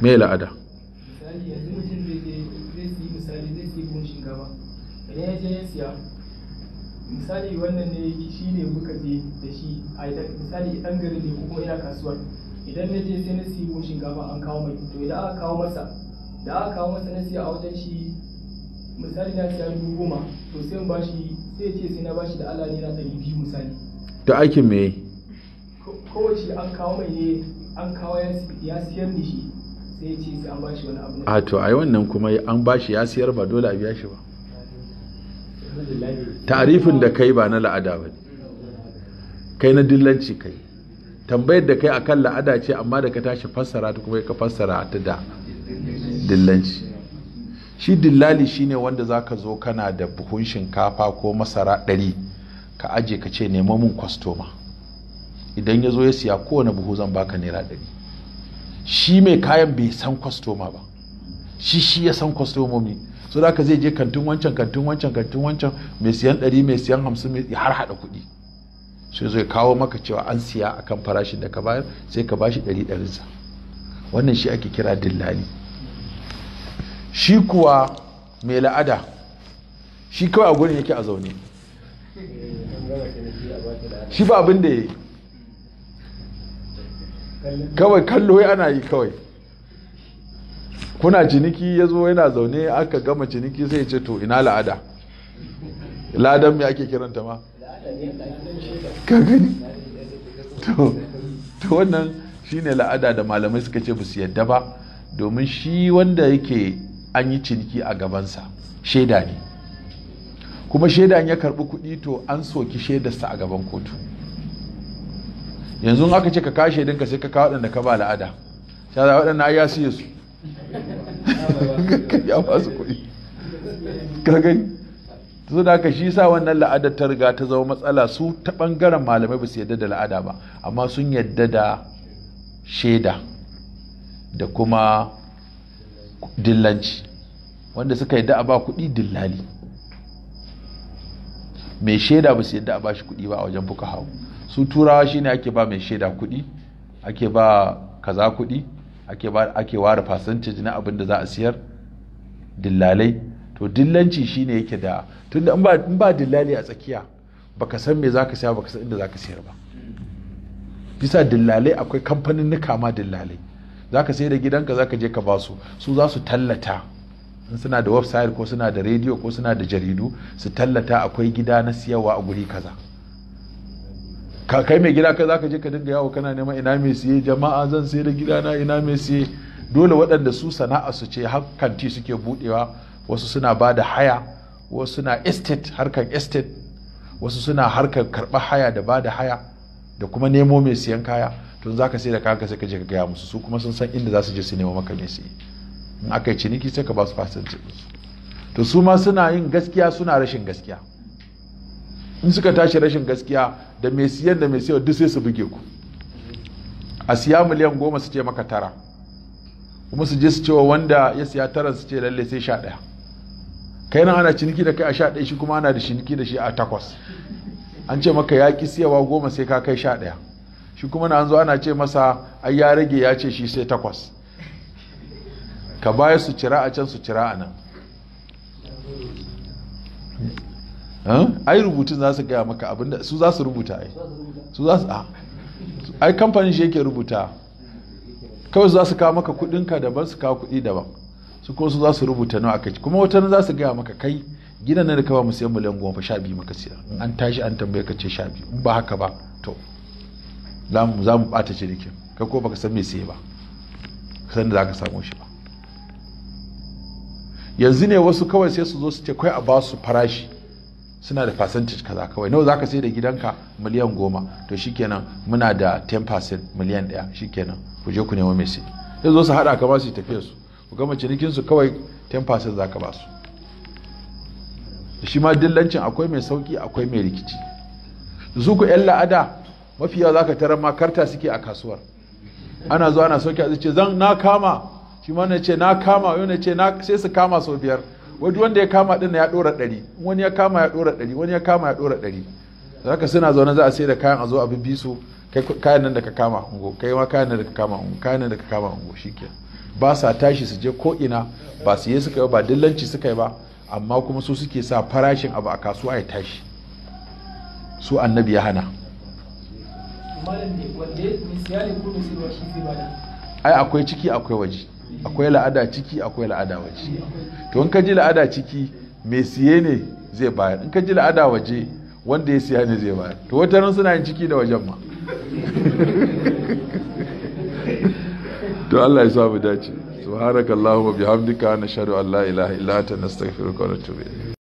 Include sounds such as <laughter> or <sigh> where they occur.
me la'ada misali wannan ne shi ne muka je da shi a misali ne kuma idan na je sai na shinkafa an kawo mai to idan aka kawo masa da aka kawo masa na siya a wajen shi misali na siya dubu goma to sai in bashi sai ce sai na da ne na ɗari biyu misali da aikin me kowace an kawo mai ne an kawo ya siyar da shi sai ce sai an bashi wani abu a to wannan kuma an bashi ya siyar ba dole a biya shi ba tarifin da kai ba na la'ada ba kai na dillanci kai tambayar da kai akan la'ada ce amma da ka tashi fassara ta kuma ka fassara ta da dillanci shi dillali shine wanda za ka zo kana da buhun shinkafa ko masara ɗari ka aje ka ce nemo min kwastoma idan ya zo ya siya kowane buhu zan baka naira ɗari shi mai kayan bai san kwastoma ba shi shi ya san kwastomomi so da zai je kantin wancan kantin wancan kantin wancan mai siyan ɗari mai siyan hamsin mai har haɗa kuɗi sai zai kawo maka cewa an siya akan farashin da ka bayar sai ka bashi ɗari ɗarinsa wannan shi ake kira dillali shi kuwa mai la'ada shi kawai a gurin yake a zaune shi ba abin da ya yi kawai kallo ana yi kawai kuna ciniki ya zo yana zaune aka gama ciniki sai ce to ina la'ada ladan me ake kiranta ma ka gani to wannan shine la'ada da malamai suka ce su yadda ba domin shi wanda yake an yi ciniki a gabansa shaida ne kuma shaidan ya karbi kudi to an soki shaidarsa a gaban kotu yanzu aka ce ka kashe ɗinka sai ka kawo waɗanda ka ba la'ada ta za waɗanda ya siye su <laughs> ya ba su kuɗi kagani su da aka shi sa wannan la'adar ta riga ta zama matsala su ta ɓangaren malamai ba su yadda da la'ada ba amma sun yadda da shaida da kuma dillanci wanda suka yadda a ba kuɗi dillali mai shaida ba su yadda a ba shi kuɗi ba a wajen fuka hau su turawa shine ake ba mai shaida kuɗi ake ba kaza kuɗi ake ba ake ware percentage na abin da za a siyar dillalai to dillanci shine yake da tunda in ba in ba dillali a tsakiya baka san me zaka siya baka san inda zaka siyar ba bisa dillalai akwai kamfanin nuka ma dillalai zaka sai da gidanka zaka je ka ba su su za su tallata in suna da website ko suna da rediyo ko suna da jaridu su tallata akwai gida na siyarwa a guri kaza ka kai mai gida kai ka je ka dinga yawo kana neman ina mai siye jama'a zan sai da gidana ina mai siye dole waɗanda su sana'a su ce hakanti suke buɗewa wasu suna ba da haya wasu suna estate harkar estate wasu suna harkar karɓar haya da ba da haya da kuma nemo mai siyan kaya tun za ka sai da kaka sai ka je ka gaya musu su kuma sun san inda za su je su nemo maka mai siye in aka yi ciniki sai ka ba su to su ma suna yin gaskiya suna rashin gaskiya in suka tashi rashin gaskiya da mai siyan da mai siyar duk sai su buge ku a siya miliyan goma su ce maka tara kuma su je su cewa wanda ya siya tara su ce lalle sai sha ɗaya kai nan ana ciniki da kai a sha ɗaya shi kuma ana da ciniki da shi a takwas an ce maka ya ki siyawa goma sai ka kai sha ɗaya shi kuma na an zo ana ce masa ai ya rage ya ce shi sai takwas ka baya su cira a can su cira a nan ai rubutun za su gaya maka abinda su za su rubuta ai su za su ah. ai kamfanin shi yake rubuta kawai za su kawo maka kudinka daban su kawo kudi daban su kuma su za su rubuta nawa aka ci kuma wata za su gaya maka kai gidan nan da kawa mu siyan miliyan goma sha biyu maka siya an tashi an tambaye ka ce sha biyu in ba haka ba to za mu bata cinikin ka ko baka san me siye ba san da za ka samu shi ba yanzu ne wasu kawai sai su zo su ce kai a ba su farashi suna da percentage kaza kawai nawa zaka sai da gidanka miliyan goma to shikenan muna da 10% miliyan ɗaya shikenan ku je ku nemo mai sai sai zo su haɗa ka ba su tafiya su ku gama cinikin su kawai 10% zaka ba su shi ma dillancin akwai mai sauki akwai mai rikici su ku yan la'ada mafi yawa zaka tarar ma karta suke a kasuwar ana zuwa ana sauki a ce zan na kama shi ma na ce na kama yau na ce sai su kama sau biyar wadu wanda ya kama din ya dora ɗari wani ya kama ya dora ɗari wani ya kama ya dora ɗari zaka suna zaune za a sai da kayan a zo a bi su kai kayan nan da ka kama ungo kai ma kayan nan da ka kama ungo kayan nan da ka kama ungo ke ba sa tashi su je ko ina ba su yi suka yi ba dillanci suka yi ba amma kuma su suke sa farashin abu a kasuwa ya tashi su annabi ya hana ai akwai ciki akwai waje akwai la'ada ciki akwai la'ada waje to in ka ji la'ada ciki mai siye ne zai bayar in ka ji la'ada waje wanda ya siya ne zai bayar to wata ran suna yin ciki da wajen ma <laughs> to Allah ya sa mu dace subhanakallahumma bihamdika nashhadu an la ilaha illa anta nastaghfiruka wa natubu